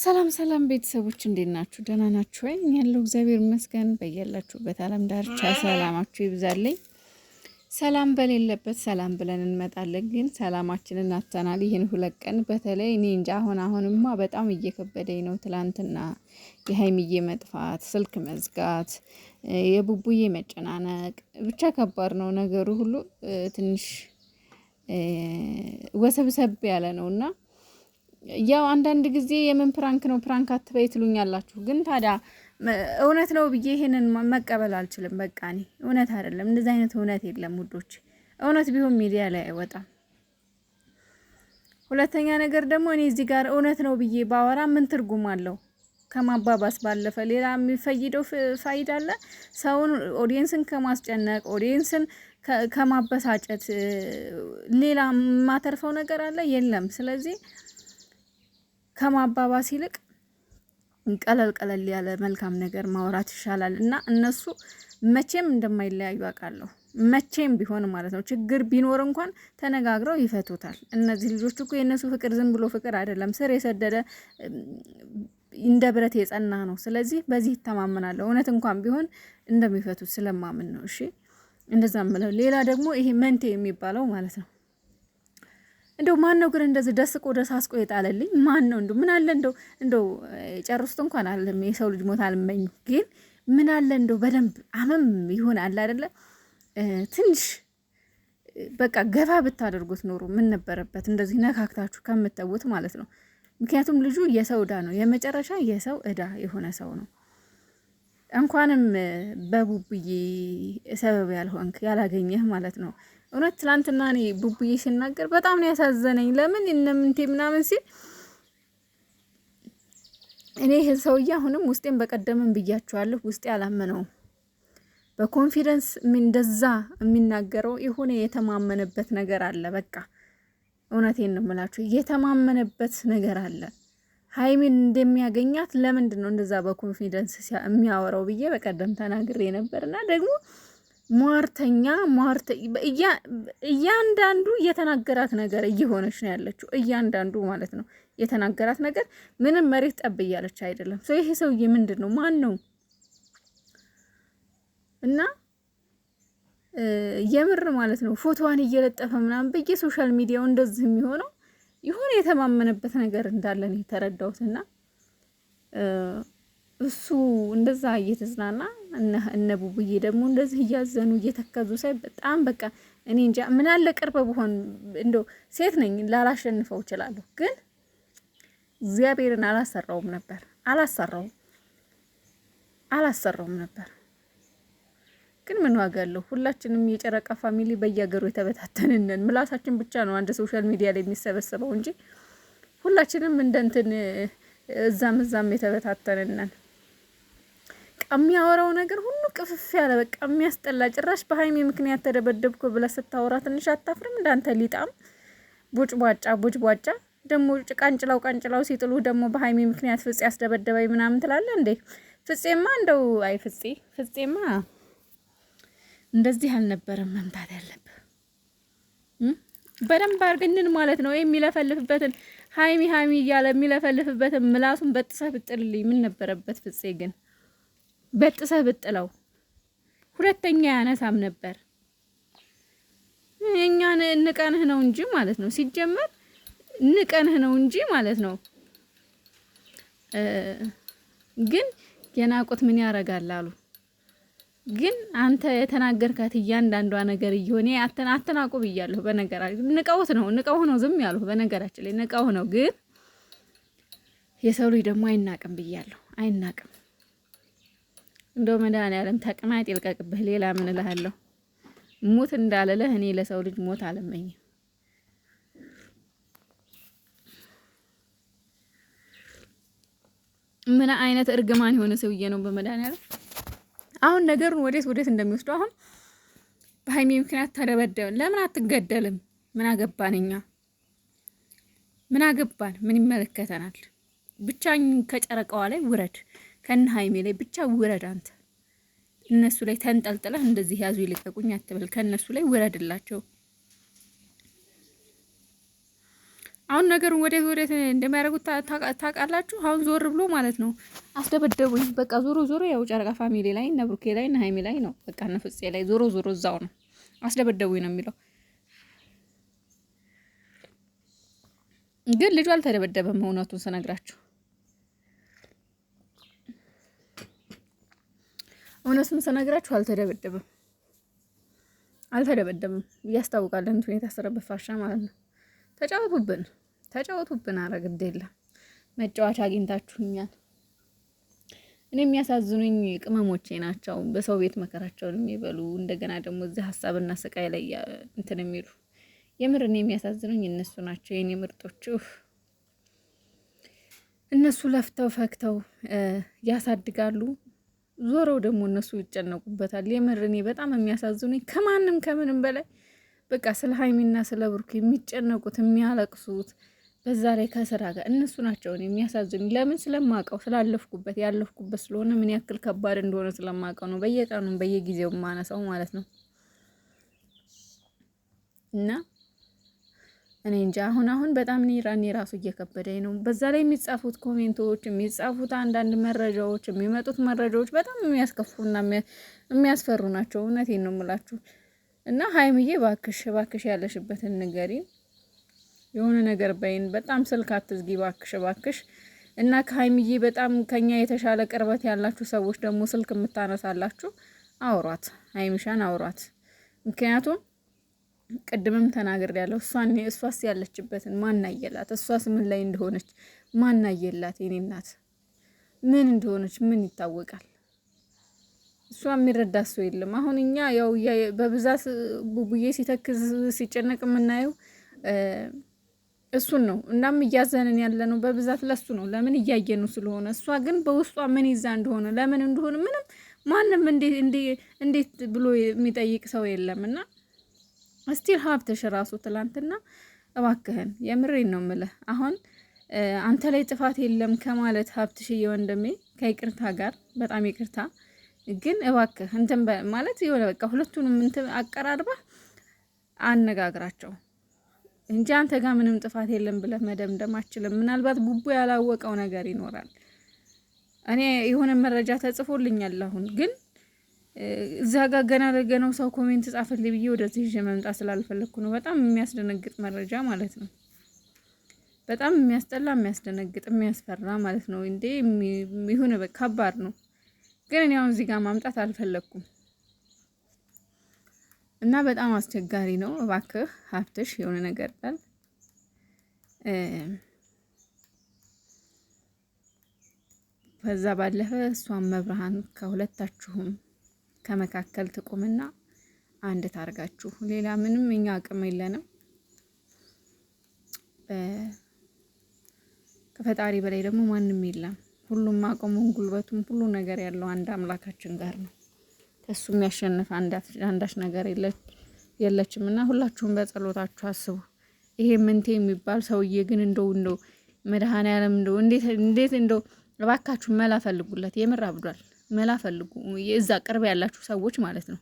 ሰላም ሰላም ቤተሰቦች እንዴት ናችሁ? ደህና ናችሁ ወይ? ያለው እግዚአብሔር ይመስገን። በያላችሁበት ዓለም ዳርቻ ሰላማችሁ ይብዛልኝ። ሰላም በሌለበት ሰላም ብለን እንመጣለን፣ ግን ሰላማችንን አጥተናል። ይህን ሁለት ቀን በተለይ እኔ እንጃ አሁን አሁንማ በጣም እየከበደኝ ነው። ትላንትና የሀይሚዬ መጥፋት፣ ስልክ መዝጋት፣ የቡቡዬ መጨናነቅ፣ ብቻ ከባድ ነው ነገሩ ሁሉ ትንሽ ወሰብሰብ ያለ ነው እና ያው አንዳንድ ጊዜ የምን ፕራንክ ነው ፕራንክ አትበይ ትሉኛላችሁ። ግን ታዲያ እውነት ነው ብዬ ይሄንን መቀበል አልችልም። በቃ እኔ እውነት አይደለም፣ እንደዚ አይነት እውነት የለም ውዶች። እውነት ቢሆን ሚዲያ ላይ አይወጣም። ሁለተኛ ነገር ደግሞ እኔ እዚህ ጋር እውነት ነው ብዬ ባወራ ምን ትርጉም አለው? ከማባባስ ባለፈ ሌላ የሚፈይደው ፋይዳ አለ? ሰውን ኦዲየንስን ከማስጨነቅ ኦዲየንስን ከማበሳጨት ሌላ የማተርፈው ነገር አለ? የለም። ስለዚህ ከማባባስ ይልቅ ቀለል ቀለል ያለ መልካም ነገር ማውራት ይሻላል እና እነሱ መቼም እንደማይለያዩ አውቃለሁ። መቼም ቢሆን ማለት ነው። ችግር ቢኖር እንኳን ተነጋግረው ይፈቱታል። እነዚህ ልጆች እኮ የእነሱ ፍቅር ዝም ብሎ ፍቅር አይደለም፣ ስር የሰደደ እንደ ብረት የጸና ነው። ስለዚህ በዚህ ይተማመናለሁ። እውነት እንኳን ቢሆን እንደሚፈቱት ስለማምን ነው። እሺ፣ እንደዛ ምለው። ሌላ ደግሞ ይሄ መንቴ የሚባለው ማለት ነው እንደው ማን ነው ግን እንደዚህ ደስቆ ደሳስቆ የጣለልኝ ማን ነው? እንደው ምን አለ እንደው እንደው ጨርሱት እንኳን አለም የሰው ልጅ ሞት አልመኝ ግን ምን አለ እንደው በደንብ አመም ይሆን አለ አይደለ ትንሽ በቃ ገባ ብታደርጉት ኖሮ ምን ነበረበት እንደዚህ ነካክታችሁ ከምተውት ማለት ነው። ምክንያቱም ልጁ የሰው እዳ ነው፣ የመጨረሻ የሰው እዳ የሆነ ሰው ነው። እንኳንም በቡብዬ ሰበብ ያልሆንክ ያላገኘህ ማለት ነው እውነት ትላንትና እኔ ቡቡዬ ሲናገር በጣም ነው ያሳዘነኝ። ለምን እነምንቴ ምናምን ሲል እኔ ይህ ሰውዬ አሁንም ውስጤን በቀደምን ብያችኋለሁ፣ ውስጤ አላመነውም። በኮንፊደንስ እንደዛ የሚናገረው የሆነ የተማመነበት ነገር አለ። በቃ እውነቴን እንምላችሁ የተማመነበት ነገር አለ። ሀይሚን እንደሚያገኛት ለምንድን ነው እንደዛ በኮንፊደንስ የሚያወራው ብዬ በቀደም ተናግሬ ነበርና ደግሞ ሟርተኛ ሟርተ እያንዳንዱ የተናገራት ነገር እየሆነች ነው ያለችው። እያንዳንዱ ማለት ነው የተናገራት ነገር ምንም መሬት ጠብ እያለች አይደለም። ሰው ይሄ ሰውዬ ምንድን ነው? ማን ነው? እና የምር ማለት ነው ፎቶዋን እየለጠፈ ምናምን በየ ሶሻል ሚዲያው እንደዚህ የሚሆነው የሆነ የተማመነበት ነገር እንዳለን የተረዳሁትና እሱ እንደዛ እየተዝናና እነ ቡቡዬ ደግሞ እንደዚህ እያዘኑ እየተከዙ ሳይ በጣም በቃ እኔ እንጃ ምን አለ ቅርብ ብሆን እንደው ሴት ነኝ ላላሸንፈው እችላለሁ፣ ግን እግዚአብሔርን አላሰራውም ነበር አላሰራውም አላሰራውም ነበር። ግን ምን ዋጋ አለው? ሁላችንም የጨረቃ ፋሚሊ በየሀገሩ የተበታተንነን፣ ምላሳችን ብቻ ነው አንድ ሶሻል ሚዲያ ላይ የሚሰበሰበው እንጂ ሁላችንም እንደንትን እዛም እዛም የተበታተንነን የሚያወራው ነገር ሁሉ ቅፍፍ ያለ በቃ የሚያስጠላ። ጭራሽ በሀይሚ ምክንያት ተደበደብኩ ብላ ስታወራ ትንሽ አታፍርም? እንዳንተ ሊጣም ቡጭ ቧጫ ቡጭ ቧጫ ደግሞ ቃንጭላው ቃንጭላው ሲጥሉ ደግሞ በሀይሚ ምክንያት ፍጽ ያስደበደበኝ ምናምን ትላለ እንዴ? ፍፄማ እንደው አይ ፍፄ ፍፄማ እንደዚህ አልነበረም መምታት ያለብህ። በደንብ አርግንን ማለት ነው የሚለፈልፍበትን ሀይሚ ሀይሚ እያለ የሚለፈልፍበትን ምላሱን በጥሰህ ብጥልልኝ ምን ነበረበት ፍፄ ግን በጥሰ ብጥለው ሁለተኛ ያነሳም ነበር። እኛን ንቀንህ ነው እንጂ ማለት ነው። ሲጀመር ንቀንህ ነው እንጂ ማለት ነው። ግን የናቁት ምን ያደርጋል አሉ። ግን አንተ የተናገርካት እያንዳንዷ ነገር እየሆነ አተናቁ ብያለሁ። በነገራችን ንቀውት ነው ንቀው ነው ዝም ያሉ። በነገራችን ላይ ንቀው ነው። ግን የሰው ልጅ ደግሞ አይናቅም ብያለሁ። አይናቅም እንደው መድኃኒዓለም ተቅማጥ ይልቀቅብህ። ሌላ ምን እልሃለሁ? ሙት እንዳልልህ እኔ ለሰው ልጅ ሞት አለመኝ። ምን አይነት እርግማን የሆነ ሰውዬ ነው በመድኃኒዓለም። አሁን ነገሩን ወዴት ወዴት እንደሚወስደው አሁን በሀይሚ ምክንያት ተደበደበ። ለምን አትገደልም? ምን አገባን እኛ ምን አገባን? ምን ይመለከተናል? ብቻ ከጨረቃዋ ላይ ውረድ። ከነ ሀይሜ ላይ ብቻ ውረድ አንተ። እነሱ ላይ ተንጠልጥለህ እንደዚህ ያዙ ይልቀቁኝ አትበል። ከእነሱ ላይ ውረድላቸው። አሁን ነገሩን ወዴት ወዴት እንደሚያደርጉት ታውቃላችሁ። አሁን ዞር ብሎ ማለት ነው አስደበደቡኝ። በቃ ዞሮ ዞሮ ያው ጨረቃ ፋሚሊ ላይ እነ ብሩኬ ላይ እነ ሀይሜ ላይ ነው በቃ እነ ላይ ዞሮ ዞሮ እዛው ነው አስደበደቡኝ ነው የሚለው። ግን ልጁ አልተደበደበም እውነቱን ስነግራችሁ እውነቱን ስነግራችሁ አልተደበደበም፣ አልተደበደበም እያስታውቃል። እንትን የታሰረበት ፋሻ ማለት ነው። ተጫወቱብን፣ ተጫወቱብን። ኧረ ግድ የለም መጫወቻ አግኝታችሁኛል። እኔ የሚያሳዝኑኝ ቅመሞቼ ናቸው። በሰው ቤት መከራቸውን የሚበሉ እንደገና ደግሞ እዚህ ሀሳብና ስቃይ ላይ እንትን የሚሉ የምር እኔ የሚያሳዝኑኝ እነሱ ናቸው። የኔ ምርጦች እነሱ ለፍተው ፈክተው ያሳድጋሉ። ዞረው ደግሞ እነሱ ይጨነቁበታል። የምር እኔ በጣም የሚያሳዝኑኝ ከማንም ከምንም በላይ በቃ ስለ ሀይሚና ስለ ብሩክ የሚጨነቁት የሚያለቅሱት በዛ ላይ ከስራ ጋር እነሱ ናቸው የሚያሳዝኑ ለምን ስለማውቀው ስላለፍኩበት ያለፍኩበት ስለሆነ ምን ያክል ከባድ እንደሆነ ስለማውቀው ነው። በየቀኑም በየጊዜው ማነሳው ማለት ነው እና እኔ እንጂ አሁን አሁን በጣም እኔ ራሱ እየከበደኝ ነው። በዛ ላይ የሚጻፉት ኮሜንቶች፣ የሚጻፉት አንዳንድ መረጃዎች፣ የሚመጡት መረጃዎች በጣም የሚያስከፉና የሚያስፈሩ ናቸው። እውነቴን ነው የምላችሁ እና ሀይምዬ ባክሽ ባክሽ ያለሽበትን ንገሪ፣ የሆነ ነገር በይን። በጣም ስልክ አትዝጊ ባክሽ ባክሽ። እና ከሀይምዬ በጣም ከኛ የተሻለ ቅርበት ያላችሁ ሰዎች ደግሞ ስልክ የምታነሳላችሁ አውሯት፣ ሀይምሻን አውሯት ምክንያቱም ቅድምም ተናግር ያለው እሷን እሷስ ያለችበትን ማናየላት እሷስ ምን ላይ እንደሆነች ማናየላት የኔ እናት ምን እንደሆነች ምን ይታወቃል። እሷ የሚረዳ ሰው የለም። አሁን እኛ ያው በብዛት ቡቡዬ ሲተክዝ ሲጨነቅ የምናየው እሱን ነው። እናም እያዘንን ያለ ነው በብዛት ለሱ ነው። ለምን ነው ስለሆነ እሷ ግን በውስጧ ምን ይዛ እንደሆነ ለምን እንደሆነ ምንም ማንም እንዴት ብሎ የሚጠይቅ ሰው የለም እና እስቲል ሀብትሽ ራሱ ትላንትና እባክህን የምሬ ነው ምልህ አሁን አንተ ላይ ጥፋት የለም ከማለት ሀብትሽዬ ወንድሜ ከይቅርታ ጋር በጣም ይቅርታ ግን እባክህ እንትን ማለት የሆነ በቃ ሁለቱንም እንትን አቀራርበህ አነጋግራቸው እንጂ አንተ ጋር ምንም ጥፋት የለም ብለህ መደምደም አችልም። ምናልባት ቡቡ ያላወቀው ነገር ይኖራል። እኔ የሆነ መረጃ ተጽፎልኛል አሁን ግን እዛ ጋር ገና ለገናው ሰው ኮሜንት ጻፈልኝ ብዬ ወደዚህ ይዤ መምጣት ስላልፈለግኩ ነው። በጣም የሚያስደነግጥ መረጃ ማለት ነው። በጣም የሚያስጠላ የሚያስደነግጥ የሚያስፈራ ማለት ነው። እንዴ ይሁን ከባድ ነው። ግን እኔ አሁን እዚህ ጋር ማምጣት አልፈለግኩም እና በጣም አስቸጋሪ ነው። እባክህ ሀብትሽ የሆነ ነገር በል ከዛ ባለፈ እሷን መብርሃን ከሁለታችሁም ከመካከል ትቁምና አንድ ታርጋችሁ፣ ሌላ ምንም እኛ አቅም የለንም። ከፈጣሪ በላይ ደግሞ ማንም የለም። ሁሉም አቅሙን ጉልበቱም ሁሉ ነገር ያለው አንድ አምላካችን ጋር ነው። ከሱ የሚያሸንፍ አንዳች ነገር የለችም እና ሁላችሁም በጸሎታችሁ አስቡ። ይሄ ምንቴ የሚባል ሰውዬ ግን እንደው እንደው መድኃኔዓለም እንደው እንዴት እንደው እባካችሁ መላ ፈልጉለት። የምር አብዷል። መላ ፈልጉ፣ እዛ ቅርብ ያላችሁ ሰዎች ማለት ነው።